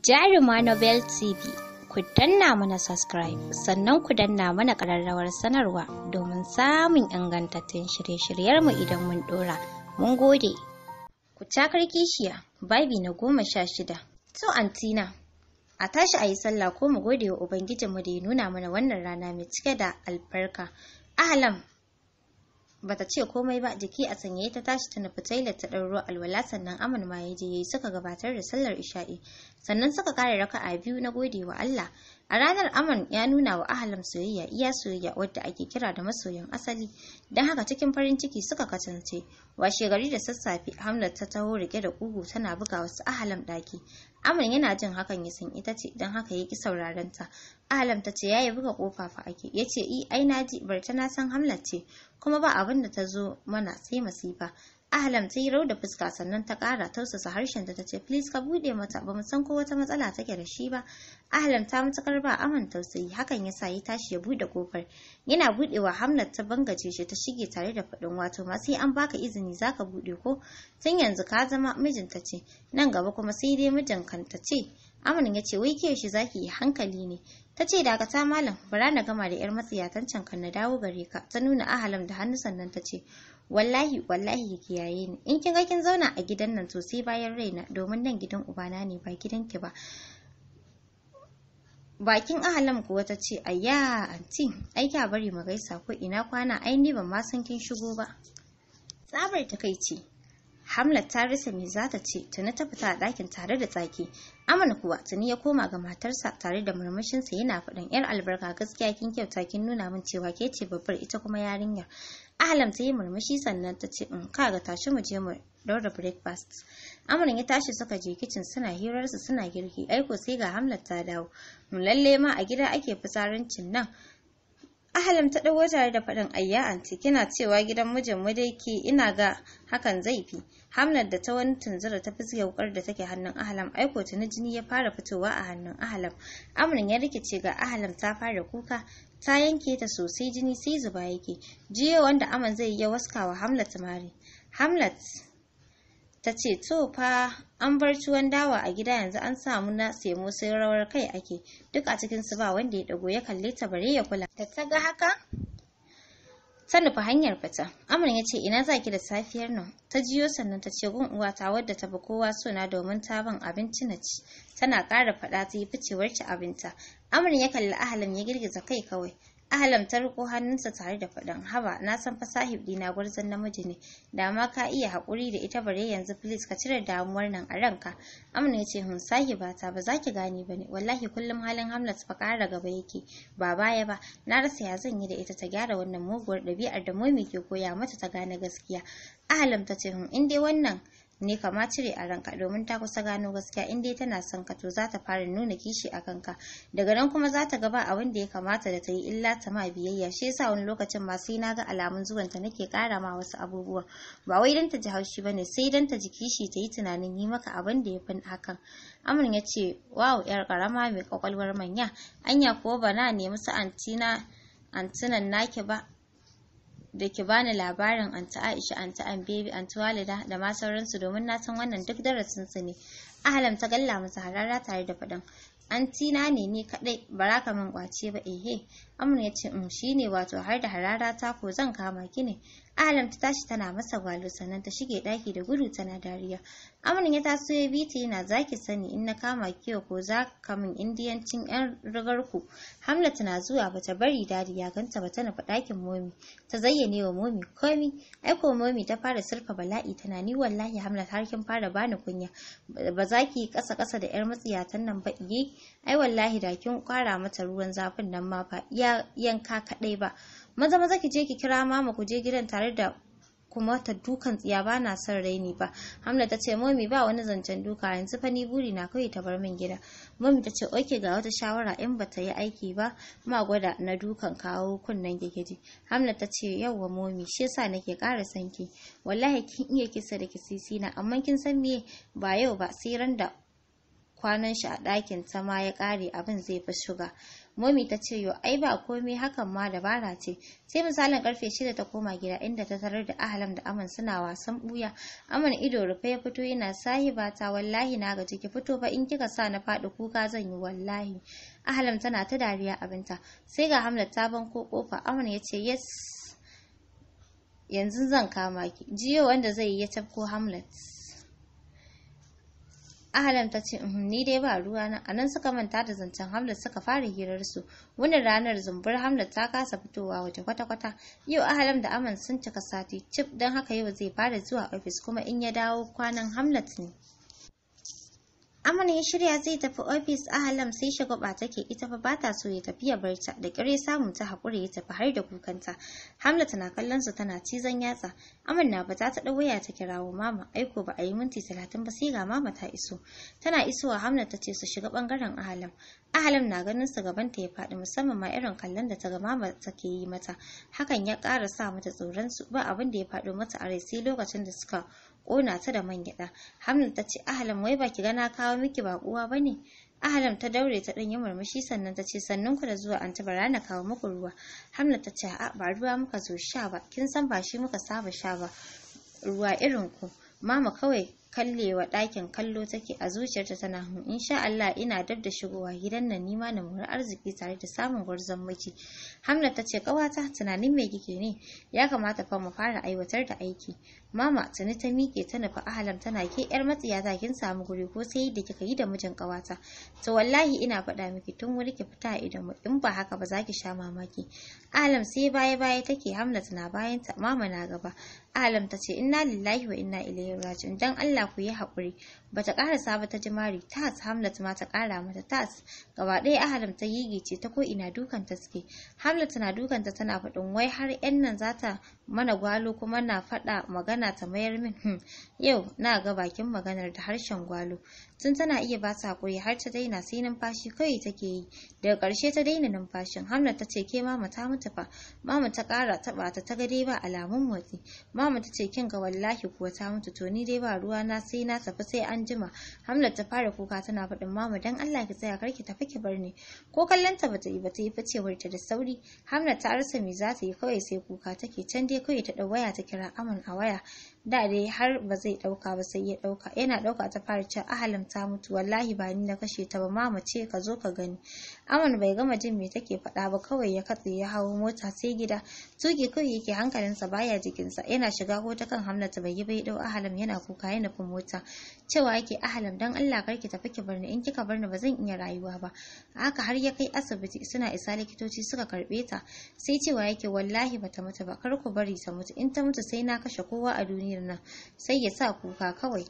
Jaruma Nobel TV. Ku danna mana subscribe sannan ku danna mana ƙararrawar sanarwa domin samun ingantattun shirye-shiryarmu idan mun ɗora. Mun gode. Ku cakar kishiya, babi na goma sha shida. To Antina, a tashi a yi sallah ko mu gode wa Ubangijinmu da ya nuna mana wannan rana mai cike da albarka. Ahalam. bata ce komai ba jiki a sanye ta tashi ta nufi tailar ta ɗan ruwa alwala sannan aman ma ya je ya yi suka gabatar da sallar isha'i sannan suka kare raka'a biyu na gode wa Allah a ranar aman ya nuna wa ahalin soyayya iya soyayya wadda ake kira da masoyan asali don haka cikin farin ciki suka kasance washe gari da sassafe hamlet ta taho rike da kugu tana buga wasu ahalin ɗaki Aman yana jin hakan ya san ita ce don haka ya ki sauraron ta. Alam ta ce yayi buga kofa fa ake. Ya i eh, ai na ji barta na san Hamlet ce kuma ba abin da ta zo mana sai masifa. Ahlam ta yi rau da fuska sannan ta kara tausasa harshen ta ce please ka buɗe mata ba mu san ko wata matsala take da shi ba. Ahlam ta matukar ba aman tausayi hakan ya sa ya tashi ya buɗe kofar. Yana buɗewa hamnat ta bangace shi ta shige tare da faɗin wato ma sai an baka izini zaka buɗe ko tun yanzu ka zama mijinta ce nan gaba kuma sai dai mijin ta ce. Aman ya ce wai shi zaki yi hankali ne. Ta ce dakata malam bara na gama da yar matsiyatan can kan na dawo gare ka. Ta nuna ahalam da hannu sannan ta ce wallahi wallahi ki kiyaye ni. In kin ga kin zauna a gidan nan to sai bayan raina domin nan gidan ubana ne ba gidan ki ba. Bakin ahalam kuwa ta ce ayya anti ai bari mu gaisa ko ina kwana ai ni ban ma san kin shigo ba. Tsabar takaici Hamlet ta rasa me za ta ce tuni ta fita a ɗakin tare da tsaki. aman kuwa tuni ya koma ga matarsa tare da murmushinsa yana faɗin ‘yar albarka gaskiya kin kyauta kin nuna min cewa ke ce babbar ita kuma yarinyar. Ahlam ta yi murmushi sannan ta ce in mm, ka ga tashi mu je mu daura breakfast. aman ya tashi suka je kicin suna hirarsa suna girki aiko sai ga Hamlet ta dawo. Mu mm, lalle ma a gida ake fitsarancin nan. Ahalam ta ɗauko tare da faɗin ayya anti kina cewa gidan mijin mu dai ke ina ga hakan zai fi. Hamnat da ta wani tunzura ta fizge wukar da take hannun Ahalam aiko tuni jini ya fara fitowa a hannun Ahalam. Amrin ya rikice ga Ahalam ta fara kuka ta yanke ta sosai jini sai zuba yake. Jiya wanda aman zai iya waskawa Hamlet mari. Hamlet ta ce to fa an bar tuwon dawa a gida yanzu an samu na semo sai rawar kai ake duk a cikin su ba wanda ya dago ya kalle ta bare ya kula da ta ga haka ta nufi hanyar fita amur ya ce ina zaki da safiyar nan ta jiyo sannan ta ce gun uwata wadda ta bi kowa suna domin ta ban abinci na ci tana ƙara faɗa ta yi ficewar ci abinta amur ya kalli ahalin ya girgiza kai kawai Ahlam ta riko hannunsa tare da faɗin haba na san fa sahib dina gwarzon namiji ne da ma ka iya haƙuri da ita bare yanzu please ka cire damuwar nan a ranka amna ya ce hun hmm, sahiba ta ba za ki gane ba ne wallahi kullum halin hamlet fa ƙara gaba yake ba baya ba na rasa ya zan yi da ita ta gyara wannan muguwar ɗabi'ar da momi ke koya mata ta gane gaskiya ahlam ta ce hun hmm, in dai wannan ne kama cire a ranka domin ta kusa gano gaskiya in dai tana son ka to za ta fara nuna kishi a kanka daga nan kuma za ta gaba abin da ya kamata da ta yi illa ta ma biyayya shi yasa wani lokacin ma sai na ga alamun zuwanta nake kara ma wasu abubuwa ba wai dan ta ji haushi ba ne, sai dan ta ji kishi ta yi tunanin yi maka abin da ya fi hakan amin ya ce wow yar karama mai kwakwalwar manya anya ko bana nemi su antina antinan naki ba da ki bani labarin anta Aisha anta an baby anta walida da ma sauransu domin na san wannan duk darasin su ne ahlam ta galla masa harara tare da faɗan. anti na ne ni kadai bara ka min kwace ba ehe Amun ya ce um ne wato har da harara ta ko zan kama ki ne ahlam ta tashi tana masa gwalo sannan ta shige daki da gudu tana dariya Amin ya taso ya bita yana zaki sani in na kama kiyo ko za ka min indiyancin yan rigar ku. Hamlet na zuwa ba ta bari dadi ya ganta ba ta nufi ɗakin momi. Ta zayyane wa momi komi. Aiko momi ta fara surfa bala'i tana ni wallahi Hamlet har kin fara bani kunya. Ba za ki kasa kasa da yar matsiyatan nan ba iye. Ai wallahi da kin kwara mata ruwan zafin nan ma fa iya yanka kaɗai ba. Maza maza ki je ki kira mama ku je gidan tare da kuma ta dukan tsiya ba na son raini ba hamna ta ce momi ba wani zancen duka yanzu fa ni buri na kawai ta bar min gida momi ta ce oke ga wata shawara in ba ta yi aiki ba ma gwada na dukan kawo kunnen gigidi hamna ta ce yawwa momi shi yasa nake ƙara son ki wallahi kin iya kisa da kisisi na amma kin san me ba yau ba sai ran da kwanan shi a ɗakin ta ma ya ƙare abin zai fi shuga Momi ta ce yo ai ba komai hakan ma dabara ce. Sai misalin karfe shida ta koma gida inda ta tarar da ahalam da aman suna wasan buya. Aman ido rufe ya fito yana ba ta wallahi na gaji ki fito fa in kika sa na faɗi kuka zan yi wallahi. Ahalam tana ta dariya abinta. Sai ga Hamlet ta banko kofa aman ya ce yes yanzu zan kama ki. Jiyo wanda zai yi ya tafko Hamlet. ahalam ta ce uhm, ni dai ba ruwa na anan suka manta da zancen hamlet suka fara hirarsu wani ranar zumbur hamlet ta kasa fitowa waje kwata-kwata yau ahalam da aman sun cika sati cif don haka yau zai fara zuwa ofis kuma in ya dawo kwanan hamlet ne Aman ya shirya zai tafi ofis Ahalam sai shagaba take ita fa bata so ya tafi ya barta da kare samun samu ta hakuri ya tafi har da kukanta. Hamlet tana kallon su tana cizon yatsa. Aman na ba ta ta waya ta kirawo mama aiko ba a yi minti talatin ba sai ga mama ta iso. Tana isowa Hamlet ta ce su shiga bangaren Ahalam. Ahalam na ganin su gaban ta ya faɗi musamman ma irin kallon da ta ga mama take yi mata. Hakan ya ƙara sa mata tsoron su ba abin da ya faɗo mata a rai sai lokacin da suka kona ta da man gyada hamna ta ce ahalam wai baki ga na kawo miki ba kuwa bane ahlam ta daure ta yi murmushi sannan ta ce sannan ku da zuwa an ta kawo muku ruwa hamna ta ce a ba ruwa muka zo sha ba kin san ba shi muka saba sha ba ruwa irin ku mama kawai kallewa ɗakin kallo take a zuciyarta tana in sha Allah ina dab da shigowa gidan nan nima na mura arziki tare da samun gwarzon miji Hamna ta ce kawata tunanin me kike ne ya kamata fa mu fara aiwatar da aiki mama tuni ta mike ta nufi ahalam tana ke yar matsiya ta kin samu guri ko sai da kika yi da mijin kawata to wallahi ina faɗa miki tun wuri ki fita idan mu in ba haka ba za ki sha mamaki ahalam sai baya baya take Hamna na bayanta mama na gaba Alam ce inna lillahi wa inna ilaihi raji'un dan Allah ku yi hakuri bata ƙara ba ta jimari tas Hamlet ma ta ƙara mata tas gaba ɗaya Alam ta gice ta ko ina dukan ta suke Hamlet na dukan ta tana faɗin wai har yan nan zata mana gwalo kuma na faɗa magana ta mayar min hmm, yau na ga bakin maganar da harshen gwalo tun tana iya ba ta hakuri har ta daina sai numfashi kawai take yi daga ƙarshe ta daina numfashin hamna ta ce ke mama ta mutu fa mama ta ƙara taɓa ta ta ga ba alamun motsi mama ta ce kin ga wallahi kuwa ta mutu to ni dai ba ruwa na sai na tafi sai an jima hamna ta fara kuka tana faɗin mama dan Allah ki tsaya karki tafi ki bar ni ko kallon ta bata yi ta yi ficewar ta da sauri hamna ta arsa me za ta yi kawai sai kuka take can dai kawai ta ɗau waya ta kira Amon a waya da dai har ba zai ɗauka ba sai ya ɗauka. yana ɗauka ta fara cewa ahalin ta mutu wallahi ba ni na kashe ta ba mama ce ka zo ka gani aman bai gama jin me take faɗa ba kawai ya katse ya hawo mota sai gida tuki kawai yake hankalinsa baya jikinsa yana shiga ko ta kan hamlata bai yi bai dau Ahalin yana kuka yana fin mota cewa yake "Ahalin, dan Allah kar ki tafi ki barni in kika barni ba zan iya rayuwa ba haka har ya kai asibiti suna isa likitoci suka karbe ta sai cewa yake wallahi bata mutu ba kar ku bari ta mutu in ta mutu sai na kashe kowa a duniya Samir sai ya sa kuka kawai.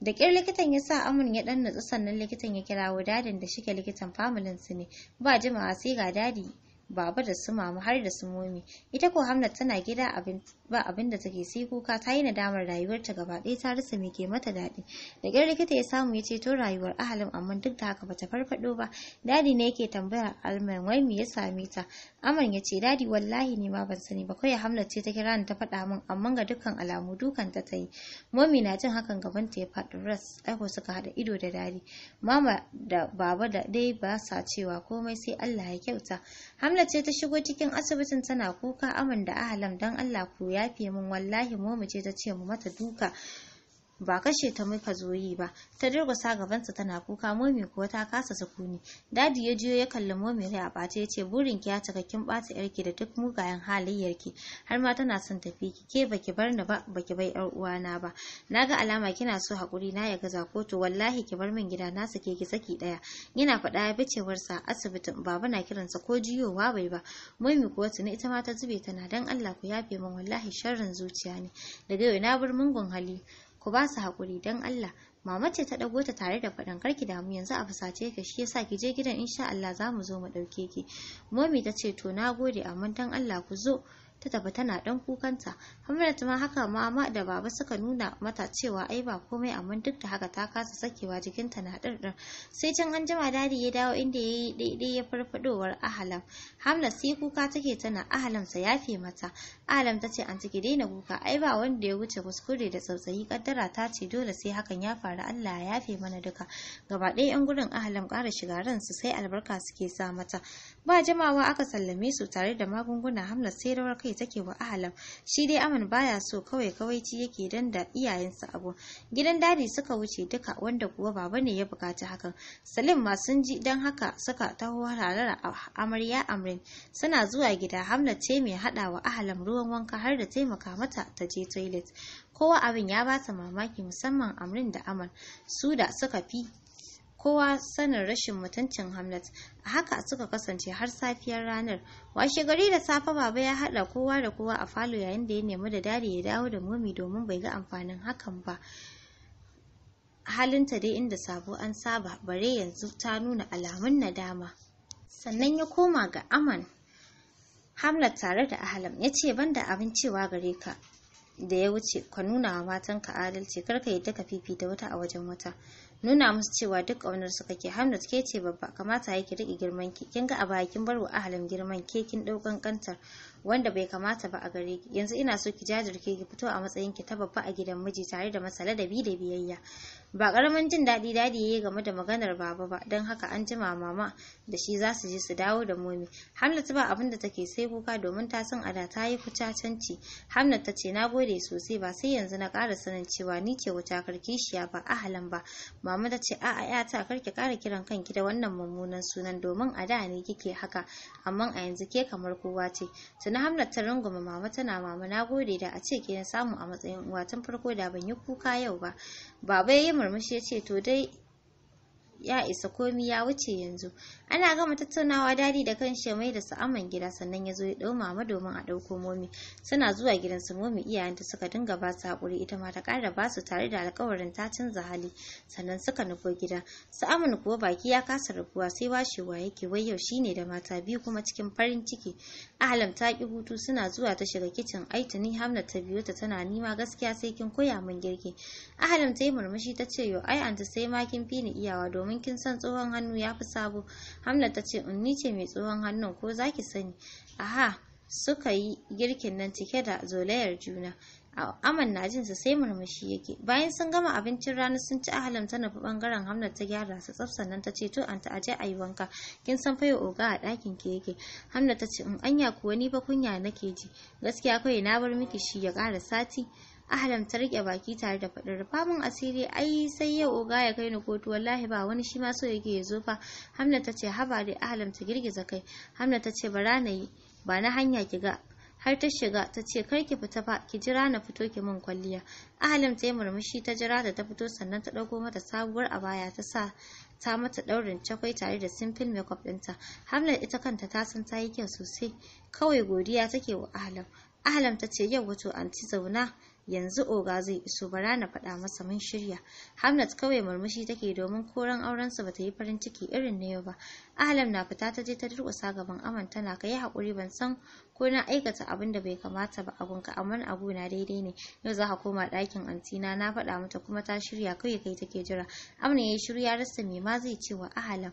Da ƙyar likitan ya sa amun ya ɗan nutsu sannan likitan ya kirawo dadin da shike likitan familin ne ba jimawa sai ga dadi baba da su mama har da su momi ita ko hamnat tana gida abin ba abin da take sai kuka ta yi nadamar rayuwarta gaba ɗaya ta rasa me mata daɗi da ƙyar likita ya samu ya ceto rayuwar ahalin amma duk da haka bata farfaɗo ba dadi ne yake tambaya alman wai me ya same ta aman ya ce dadi wallahi ne ma ban sani ba kawai hamnat ce ta kira ni ta faɗa min amma ga dukkan alamu dukan ta yi momi na jin hakan gaban ta ya faɗi ras aiko suka haɗa ido da dadi mama da baba da dai ba sa cewa komai sai Allah ya kyauta Hamla ce ta shigo cikin asibitin tana kuka aman da ahalam don Allah ku yafe min wallahi mu ce ta ce mu mata duka ba kashe ta muka zo yi ba ta durgusa gabansa tana kuka momi kuwa ta kasa sukuni dadi ya jiyo ya kalli momi rai a bata yace burin ki ya cika kin bata yarki da duk mugayen halayyar har ma tana son tafi ki ke baki bar ni ba baki bai yar na ba naga alama kina so hakuri na ya gaza ko to wallahi ki bar min gida na sake ki saki daya yana faɗa ya bicewar sa asibitin baba na kiransa ko jiyowa bai ba momi kuwa tuni ita ma ta zube tana dan Allah ku yafe min wallahi sharrin zuciya ne daga yau na bar mungun hali ku ba su haƙuri don Allah mama ce ta ɗago ta tare da faɗan karki damu yanzu a fusace ka shi yasa ki je gidan insha Allah za mu zo mu ɗauke ki momi ta ce to na gode amma don Allah ku zo ta tafi tana dan kukanta hamlet ma haka mama da baba suka nuna mata cewa ai ba komai amma duk da haka ta kasa sakewa jikinta na ɗirɗir sai can an jima dadi ya dawo inda ya yi daidai ya farfadowar ahalam hamlet sai kuka take tana ahalam sa yafe mata ahalam ta ce an ki daina kuka ai ba wanda ya wuce kuskure da tsautsayi kaddara ta ce dole sai hakan ya faru allah ya yafe mana duka gaba ɗaya yan gurin ahalam ƙara shiga ransu sai albarka suke sa mata ba jimawa aka sallame su tare da magunguna hamlet sai rawar kai kai take wa ahalam shi dai aman baya so kawai kawaici yake dan da iyayensa abu gidan dadi suka wuce duka wanda kuwa baba ne ya bukaci hakan salim ma sun ji dan haka suka taho harara amarya amrin suna zuwa gida Hamla ce mai hada wa ahalam ruwan wanka har da taimaka mata ta je toilet kowa abin ya ba ta mamaki musamman amrin da amal su da suka fi kowa sanin rashin mutuncin Hamlet haka suka kasance har safiyar ranar washe gari da safe baba ya hada kowa da kowa a falo yayin da ya nemi da dadi ya dawo da mummy domin bai ga amfanin hakan ba halinta dai inda sabo an saba bare yanzu ta nuna alamun nadama sannan ya koma ga aman hamlet tare da ahalam ya ce banda abin cewa gare ka da ya wuce ka nuna wa matanka adalci karka yi ka fifita wata a wajen wata nuna musu cewa duk ƙaunar su kake hamlet ke ce babba kamata yake rike girman ki kin ga a bakin bar wa ahalin girman ke kin daukan kantar wanda bai kamata ba a gare ki yanzu ina so ki jajirke ki fito a matsayin ki ta babba a gidan miji tare da masala da bi da biyayya ba karamin jin daɗi dadi yayi game da maganar baba ba don haka an jima mama da shi za su je su dawo da momi hamlet ba abin da take sai kuka domin ta san ada ta yi canci hamlet ta ce na gode sosai ba sai yanzu na kara sanin cewa ni ce wuta karkishiya ba ahalan ba mama ta ce a'a yata karki kara kiran kanki da wannan mummunan sunan domin a da ne kike haka amma a yanzu ke kamar kowa ce da Hamnat ta runguma mama tana mama na gode da a ce ke na samu a matsayin uwa tun farko da ban yi kuka yau ba. Baba ya yi murmushi ya ce to dai ya isa komi ya wuce yanzu ana gama tattaunawa dadi da kan shi mai da su aman gida sannan ya zo ya ɗau mama domin a ɗauko momi suna zuwa gidan su momi iyayenta suka dinga ba su haƙuri ita ma ta ƙara ba su tare da alƙawarin ta canza hali sannan suka nufo gida su aman kuwa baki ya kasa rabuwa sai washewa yake wai yau shine da mata biyu kuma cikin farin ciki ahlam ta ki hutu suna zuwa ta shiga kicin ai tuni hamna ta biyo ta tana nima gaskiya sai kin koya min girki ahlam ta yi murmushi ta ce yau, ai anta sai ma kin fi ni iyawa domin kin san tsohon hannu ya fi sabo Hamlet ta ce unni ce mai tsohon hannun ko za ki sani aha suka yi girkin nan cike da zolayar juna aman na jinsa sai murmushi yake bayan sun gama abincin rana sun ci ahalam ta nufi bangaren hamlet ta gyara su tsaf sannan ta ce to an ta aje yi wanka kin san fayo oga a ɗakin ke yake hamlet ta ce in mm, anya kuwa ni ba kunya nake ji gaskiya kawai na bar miki shi ya ƙara sati ahlam ta rike baki tare da faɗin rufa asiri ai sai yau oga ya kai ni kotu wallahi ba wani shi ma so yake ya zo fa hamna tace ce haba dai ahlam ta girgiza kai hamna tace bara na ba na hanya ki ga har ta shiga ta ce kar ki fita fa ki jira na fito ki min kwalliya ahlam ta yi murmushi ta jira da ta fito sannan ta ɗauko mata sabuwar abaya ta sa ta mata ɗaurin cakwai tare da simple makeup ɗinta hamlet ita kanta ta san ta yi kyau sosai kawai godiya take wa ahlam ahlam ta ce yau wato anti zauna yanzu oga zai iso bara na faɗa masa mun shirya hamlet kawai murmushi take domin koran aurensa bata yi farin ciki irin na yau ba ahlam na fita ta je ta durƙusa gaban aman tana kai hakuri ban san ko na aikata abin da bai kamata ba abunka amma abu na daidai ne yau za ka koma ɗakin antina na faɗa mata kuma ta shirya kawai kai take jira amna ya yi shiru ya rasa me ma zai ce wa ahlam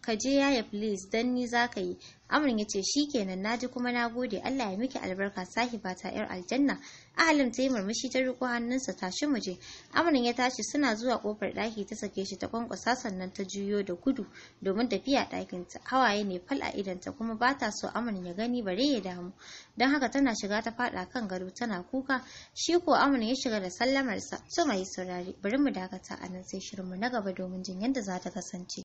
ka je yaya please dan ni za ka yi amurin ya ce shi shikenan naji kuma na gode Allah ya miki albarka sahiba ta yar aljanna ahalin ta yi murmushi ta riko hannunsa tashi mu je amurin ya tashi suna zuwa kofar ɗaki ta sake shi ta kwankwasa sannan ta juyo da gudu domin tafiya ɗakin ta hawaye ne fal a ta kuma ba ta so amurin ya gani bare ya damu don haka tana shiga ta faɗa kan gado tana kuka shi ko amurin ya shiga da sallamarsa su mai saurari bari mu dakata a nan sai shirinmu na gaba domin jin yadda za ta kasance